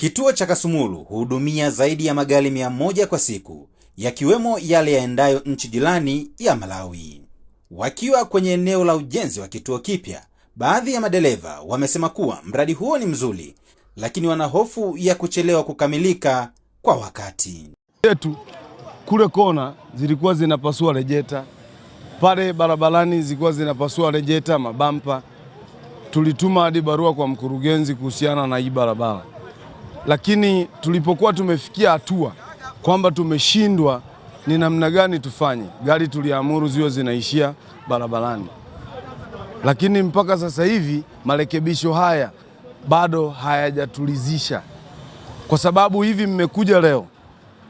Kituo cha Kasumulu huhudumia zaidi ya magari mia moja kwa siku, yakiwemo yale yaendayo nchi jirani ya Malawi. Wakiwa kwenye eneo la ujenzi wa kituo kipya, baadhi ya madereva wamesema kuwa mradi huo ni mzuri, lakini wana hofu ya kuchelewa kukamilika kwa wakati. yetu kule kona zilikuwa zinapasua rejeta pale barabarani zilikuwa zinapasua rejeta mabampa. Tulituma hadi barua kwa mkurugenzi kuhusiana na hii barabara lakini tulipokuwa tumefikia hatua kwamba tumeshindwa ni namna gani tufanye, gari tuliamuru ziwe zinaishia barabarani, lakini mpaka sasa hivi marekebisho haya bado hayajatulizisha, kwa sababu hivi mmekuja leo,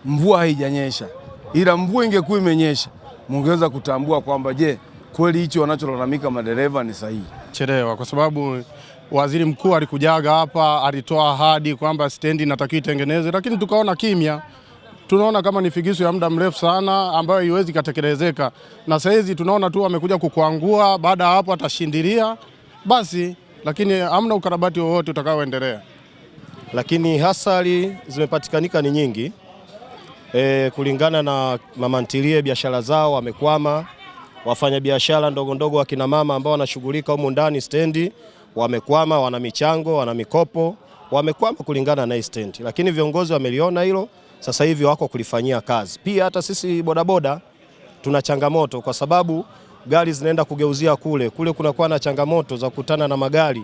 mvua haijanyesha, ila mvua ingekuwa imenyesha mungeweza kutambua kwamba je, kweli hicho wanacholalamika madereva ni sahihi. Chelewa kwa sababu waziri mkuu alikujaga hapa, alitoa ahadi kwamba stendi inatakiwa itengenezwe, lakini tukaona kimya. Tunaona kama ni figisu ya muda mrefu sana ambayo haiwezi katekelezeka, na saizi tunaona tu wamekuja kukuangua, baada ya hapo atashindilia basi, lakini hamna ukarabati wowote utakaoendelea. Lakini hasari zimepatikanika ni nyingi e, kulingana na mamantilie biashara zao wamekwama, wafanyabiashara ndogo ndogo, wa kina mama ambao wanashughulika humu ndani stendi wamekwama, wana michango, wana mikopo, wamekwama kulingana na stendi, lakini viongozi wameliona hilo, sasa hivi wako kulifanyia kazi. Pia hata sisi bodaboda tuna changamoto kwa sababu gari zinaenda kugeuzia kule kule, kunakuwa na changamoto za kukutana na magari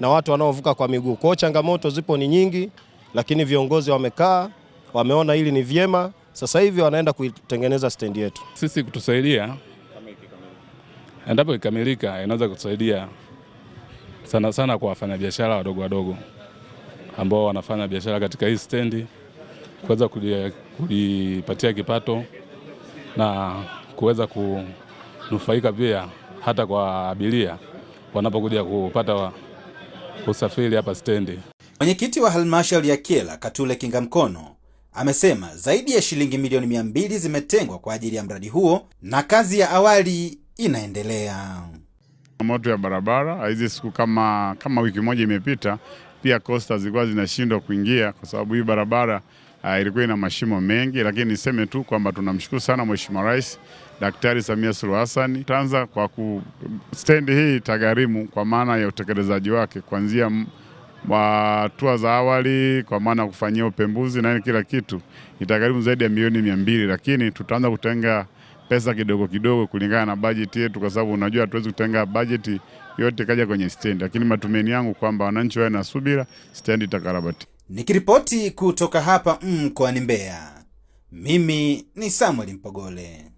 na watu wanaovuka kwa miguu. Kwa hiyo changamoto zipo ni nyingi, lakini viongozi wamekaa, wameona hili ni vyema, sasa hivi wanaenda kuitengeneza stendi yetu. Sisi kutusaidia, endapo ikamilika, inaweza kutusaidia sana sana kwa wafanyabiashara wadogo wadogo ambao wanafanya biashara katika hii stendi kuweza kujipatia kipato na kuweza kunufaika pia hata kwa abiria wanapokuja kupata usafiri hapa stendi. Mwenyekiti wa halmashauri ya Kyela Katule Kingamkono amesema zaidi ya shilingi milioni mia mbili zimetengwa kwa ajili ya mradi huo na kazi ya awali inaendelea moto ya barabara hizi siku kama, kama wiki moja imepita, pia kosta zilikuwa zinashindwa kuingia kwa sababu hii barabara uh, ilikuwa ina mashimo mengi, lakini niseme tu kwamba tunamshukuru sana Mheshimiwa Rais Daktari Samia Suluhu Hassan tanza kwa ku stendi hii itagharimu kwa maana ya utekelezaji wake kuanzia hatua za awali kwa maana kufanyia upembuzi na kila kitu itagharimu zaidi ya milioni mia mbili, lakini tutaanza kutenga pesa kidogo kidogo kulingana na bajeti yetu, kwa sababu unajua hatuwezi kutenga bajeti yote kaja kwenye stendi, lakini matumaini yangu kwamba wananchi wawe na subira, stendi itakarabati. Nikiripoti kutoka hapa mkoani Mbeya, mimi ni Samuel Mpogole.